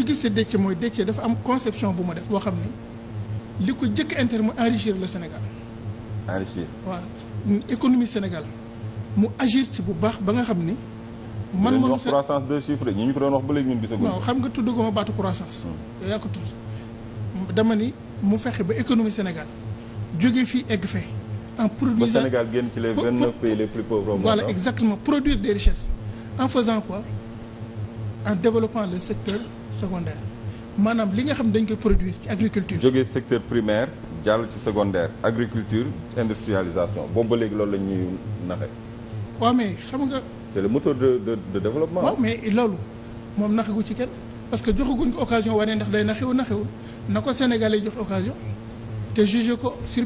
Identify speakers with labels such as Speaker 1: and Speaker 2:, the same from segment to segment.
Speaker 1: li gis si Déthié mooy Déthié dafa am conception bu ma def boo xam ne li ko jëkk intérêt mu enrichir le Sénégal. enrichir waaw économie Sénégal mu agir ci bu baax ba nga xam ni. man moom wax croissance
Speaker 2: deux chiffres ñi ñu ko doon wax ba léegi ñun gisagul. non xam
Speaker 1: nga tudd ko ma baatu croissance. Hmm. yaa ko tudd dema ni mu fexe ba économie Sénégal jóge fii egg fee. en produisant ba
Speaker 2: ci les les plus pauvres. voilà exactement
Speaker 1: produire des richesses en faisant quoi. en développement le secteur secondaire maanaam li nga xam dañ koy produire ci agriculture.
Speaker 2: jógee secteur primaire jàll ci secondaire agriculture industrialisation boobu ba léegi loolu la ñuy naxe.
Speaker 1: waaw mais xam nga.
Speaker 2: c'est le moteur de de de développement. waaw
Speaker 1: mais loolu moom naxagu ci kenn parce que joxaguñ ko occasion wane ndax day naxewul naxewul na ko Sénégalais jox occasion te jugé ko sur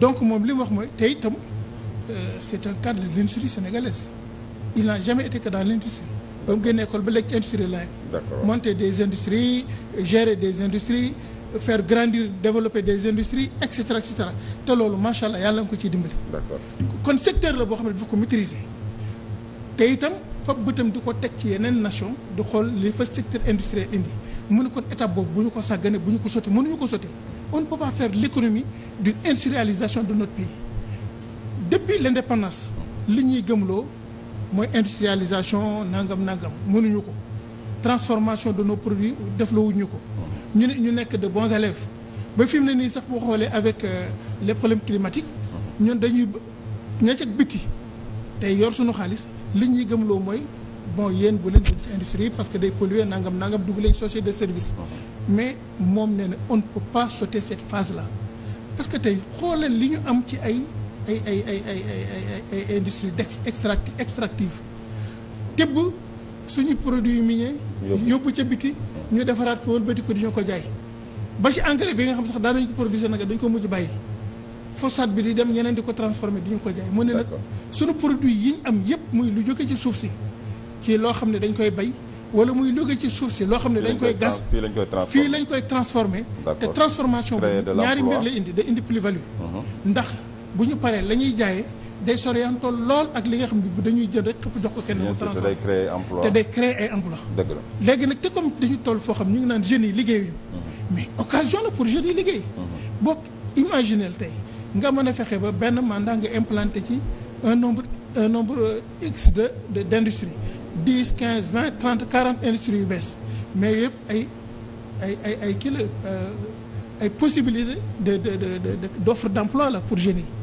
Speaker 1: donc moom li wax mooy tey itam euh, c'est un cadre de l'industrie sénégalaise il n'a jamais été que dans l'industrie ba mu génne école ba léegi ci industrie la nekk monter des industries gérer des industries faire grandir développer des industries et cetera et te loolu macha allah yàlla nga ko ciy dimbali. kon secteur la boo xam ne dafa ko maîtriser te itam fab bëtam du ko teg ci yeneen nation du xool li fa secteur industriel indi mun ne kon étape boobu bu ñu ko sàggane bu ñu ko sotti mënuñu ko sotti on ne peut pas faire l'économie d'une industrialisation de not pays depuis l'indépendance li ñuy gëmloo. mooy industrialisation nangam nangam mënuñu ko transformation de nos produits def la wuñu ko ñu ne ñu nekk de bon élèves ba fi mu ne nii sax boo xoolee avec euh, les problèmes climatiques ñun dañuy ñecc ak biti tey yor suñu xaalis li ñuy gëmloo mooy bon yéen bu leen dugg ci industrie parce que day polluer nangam nangam dugg leen société de service mais moom nee na on ne peut pas sauter cette phase là parce que tey xooleen li ñu am ci ay ay ay ay ay ay ay industrie extract extractive tëbb suñu produit yu minier yóbbu ca biti ñu defaraat ko wëlbati ko di ñu ko jaay ba ci engrais bi nga xam sax daa dañ ko produire nag dañ ko mujj bàyyi phosphate bi di dem ñeneen di ko transformer di ñu ko jaay mu ne nag suñu produit yi ñu am yëpp muy lu jóge ci suuf si ci loo xam ne dañ koy bay wala muy jóge ci suuf si loo xam ne dañ koy gas fii lañ koy transformer te transformation boobu ñaari mbir indi da indi plus value mhm. bu ñu paree la ñuy jaayee day soriantoo lool ak li nga xam ne dañuy jël rek xëpp jox ko kenn mu transformé
Speaker 2: te day créer ay emploi dëgg la
Speaker 1: léegi nag te comme dañu toll foo xam ñu ngi naan jeunes yi liggéeyuñu mm-hmm. mais occasion la pour jeunes yi liggéey mm-hmm. bokk imaginel tey nga mën a fexe ba benn mandat nga implanté ci un nombre un de euh, x de d' industrie dix quinze vingt trente quarante industries yu bees mais yëpp ay ay ay ay kii la euh, ay possibilité de de de d' offre d' emploi la pour jeunes yi